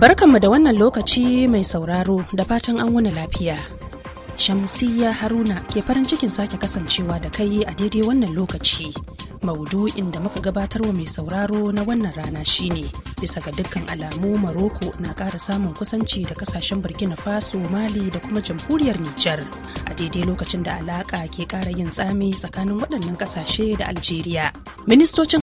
Barkanmu da wannan lokaci mai sauraro da fatan an wani lafiya. Shamsiyya Haruna ke farin cikin sake kasancewa da kai a daidai wannan lokaci. Maudu'in da muka gabatar wa mai sauraro na wannan rana shine bisa ga dukkan alamu Maroko na ƙara samun kusanci da kasashen Burkina Faso, Mali da kuma jamhuriyar Nijar a daidai lokacin da alaƙa ke ƙara yin tsami tsakanin waɗannan ƙasashe da Algeria. Ministocin